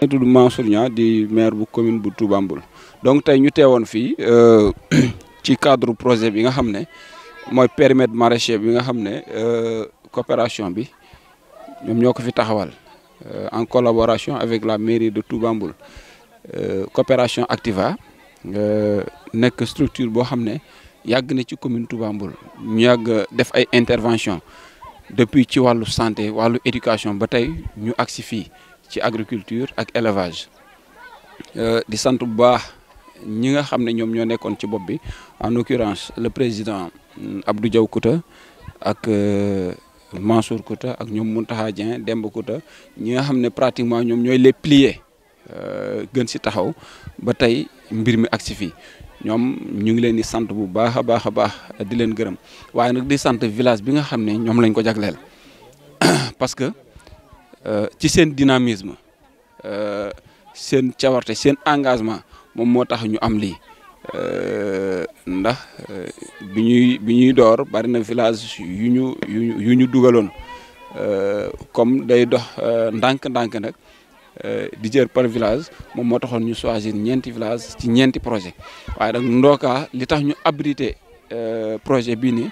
ma tudd Mansour di maire bu commune bu Touba Mboul donc tey ñu teewoon fii euh, ci cadre projet bi nga xam ne mooy périmètre maraîcher bi nga xam ne euh, coopération bi ñoom ñoo ko fi taxawal euh, en collaboration avec la mairie de Touba Mboul coopération Activa nekk structure boo xam ne yàgg na ci commune Touba Mboul ñu yàgg def ay intervention depuis ci wàllu santé wàllu éducation ba tey ñu agsi fii ci agriculture ak élevage euh, di sant bu baax ñi nga xam ne ñoom ñoo nekkoon ci bopp bi en l'occurrence le président mm, abdu jaw Kouta ak euh, Mansour Kouta ak ñoom Mountakha Dieng Demba Kouta ñi nga xam ne pratiquement ñoom ñooy les piliers euh, gën si taxaw ba tey mbir mi agsi fii ñoom ñu ngi leen di sant bu baax a baax a baax di leen gërëm waaye nag di sant village bi nga xam ne ñoom lañ ko jagleel Euh, ci seen dynamisme euh, seen cawarte seen engagement moom moo tax ñu am lii euh, ndax bi ñuy bi ñuy door bari na village yu ñu yu ñu dugaloon comme day dox ndànk-ndànk nag di jër par village moom moo taxoon ñu choisir ñeenti village ci ñeenti projet waaye nag Ndoka li tax ñu abrité projet bii nii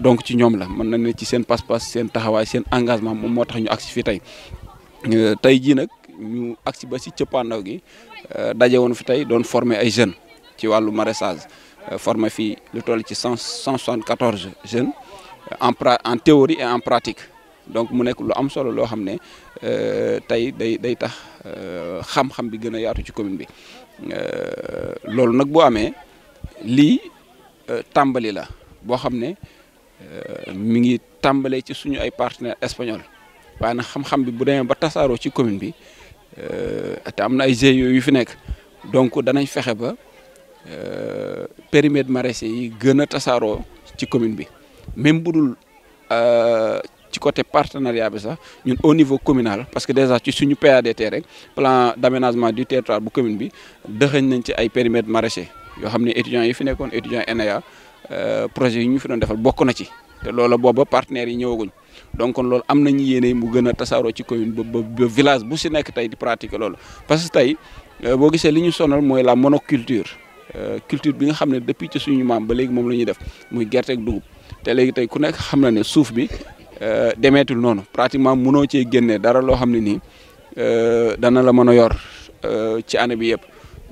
donc ci ñoom la mën na ne ci seen pas-pas seen taxawaay seen engagement moom moo tax ñu agsi fi tey euh, tey jii nag ñu agsi ba si cëppaandaw gi euh, daje woon fi tey doon former ay jeunes ci wàllu maraîchage euh, former fii lu toll ci cent cent soixante-quatorze jeunes en pra en théorie et en pratique donc mu nekk lu am solo loo xam ne tey day day tax xam-xam bi gën a yaatu ci commune bi loolu nag boo amee lii tàmbali la boo xam ne. Euh, mi ngi tàmbalee ci suñu ay partenaires espagnol waaye nag xam-xam bi bu demee ba tasaaroo ci commune bi euh, te am na ay GIE yu fi nekk donc danañ fexe ba euh, périmètre maraîcher yi gën a tasaaroo ci commune bi même bu dul ci côté partenariat bi sax ñun au niveau communal parce que déjà ci suñu PADT rek plan d'aménagement du territoire bu commune bi dëxëñ nañ ci ay périmètres maraîchers. yoo xam ne étudiants yi fi nekkoon étudiants ENEA euh, projet yi ñu fi doon defal bokk na ci te loola booba partenaires yi ñëwaguñ donc kon loolu am nañu yéene mu gën a tasaaroo ci commune ba ba village bu si nekk tey di pratiquer loolu parce que tey euh, boo gisee li ñu sonal mooy la monoculture euh, culture bi nga xam ne depuis ci suñu maam ba léegi moom def muy gerte dugub te léegi tey ku nekk xam na ne suuf bi demeetul noonu pratiquement mënoo cee génnee dara loo xam ne nii dana la mën a yor ci année bi yëpp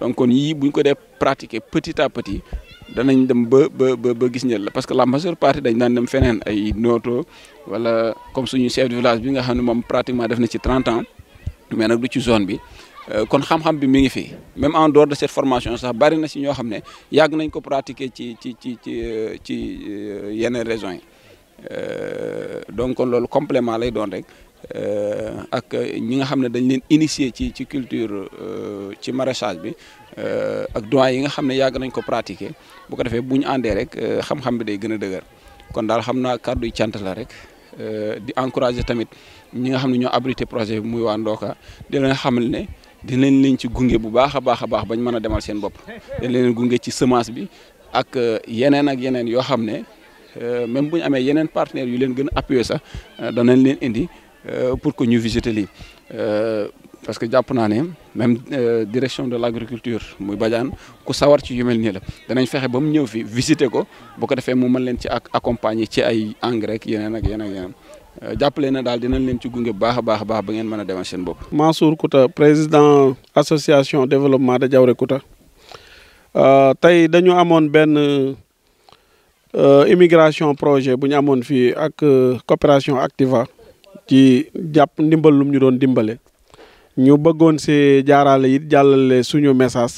donc kon yii buñ ko def pratiquer petit à petit danañ dem ba ba ba gis njël la parce que la majeure partie dañ daan dem feneen ay nooto wala comme suñu chef de village bi nga xam ne moom pratiquement def na ci 30 ans mais nag du ci zone bi euh, kon xam-xam bi mi ngi fi même en dehors de cette formation sax bari na si ñoo xam ne yàgg nañ ko pratiquer ci ci ci ci euh, ci euh, yeneen raisons yi donc kon loolu complément lay doon rek Euh, ak ñi nga xam ne dañ leen initier ci ci culture euh, ci maraîchage bi euh, ak doyen yi nga xam ne yàgg nañ ko pratiquer bu ko defee bu ñu àndee rek xam-xam bi day gën a dëgër kon daal xam naa kàddu cant la rek di encourager tamit ñi nga xam ne ñoo abrité projet bi muy waa Ndoka di leen xamal ne dinañ leen ci gunge bu baax a baax a baax bañ mën a demal seen bopp ci semence bi ak yeneen ak yeneen yoo xam ne même bu amee yeneen partenaires yu leen gën a sax danañ leen indi. Euh, pour que ñu visiter lii euh, parce que jàpp naa ne même euh, direction de l' agriculture muy Badiane ku sawar ci yu mel la danañ fexe ba mu ñëw fi visiter ko bu ko defee mu mën leen ci ak accompagner ci ay engrais yeneen ak yeneen ak yeneen na daal dinañ leen ci gunge baax baax a baax ba ngeen mën a demal seen bopp. Mansour Kouta président association développement de Diaouré Kouta tey dañu amoon benn immigration projet bu ñu amoon fii ak coopération Activa. ci jàpp ndimbal lum ñu doon dimbale ñu bëggoon see jaarale it jàllale suñu message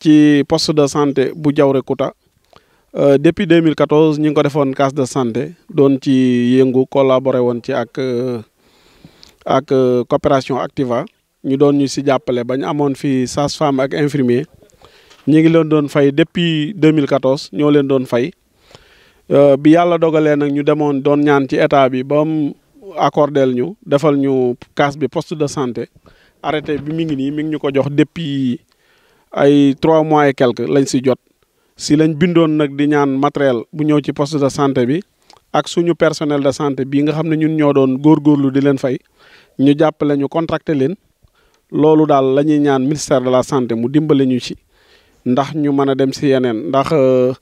ci poste de santé bu Diaouré-Couta euh, depuis 2014 ñu ngi ko defoon case de santé doon ci yëngu collaboré woon ci ak euh, ak euh, coopération Activa ñu doon ñu si jàppale ba ñu amoon fii sage-femme ak infirmier ñu ngi leen doon fay depuis 2014 ñoo leen doon fay bi yàlla dogalee nag ñu demoon doon ñaan ci état bi accordeel ñu defal ñu case bi poste de santé arrêté bi mi ngi nii mi ngi ñu ko jox depuis ay trois mois et quelque lañ si jot si lañ bindoon nag di ñaan matériel bu ñëw ci poste de santé bi ak suñu personnel de santé bii nga xam ne ñun ñoo doon góorlu di leen fay ñu jàppale ñu contracté leen loolu daal la ñuy ñaan ministère de la santé mu dimbale ñu ci ndax ñu mën a dem si yeneen ndax euh,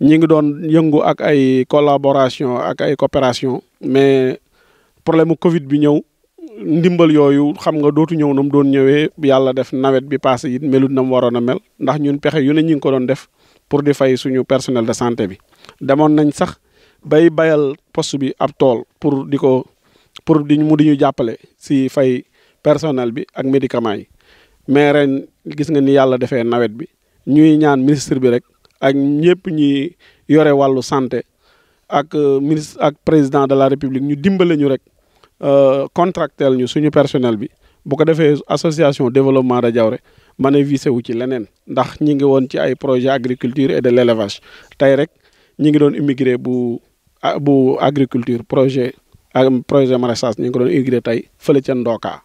ñi ngi doon yëngu ak ay collaboration ak ay coopération mais problème mu Covid bi ñëw ndimbal yooyu xam nga dootu ñëw mu doon ñëwee yàlla def nawet bi passé it melut na mu waroon a mel ndax ñun pexe yu ne ñu ngi ko doon def pour di fay suñu personnel de santé bi. demoon nañ sax bay bayal poste bi ab tool pour di ko pour di mu di ñu jàppale si fay personnel bi ak médicament yi mais ren gis nga ni yàlla defee nawet bi ñuy ñaan ministre bi rek ak ñëpp ñuy yore wàllu santé ak euh, ministre ak président de la république ñu dimbale ñu rek. Euh, contractel ñu suñu personnel bi bu ko defee association développement de Diaouré mën wu ci leneen ndax ñi ngi woon ci ay projet agriculture et de l' élevage tey rek ñi ngi doon immigré bu bu agriculture projet projet maraîchage ñi ngi ko doon immigré tey fële ca Ndoka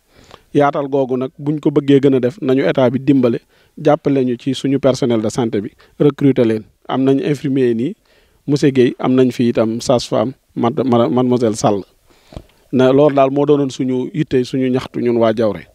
yaatal googu nag buñ ko bëggee gën a def nañu état bi dimbale jàppale ñu ci suñu personnel de santé bi recruter leen am nañu infirmier nii monsieur Guèye am nañ fi itam sage-femme mademoiselle Sall na loolu daal moo doonoon suñu yitte suñu ñaxtu ñun waa Jawre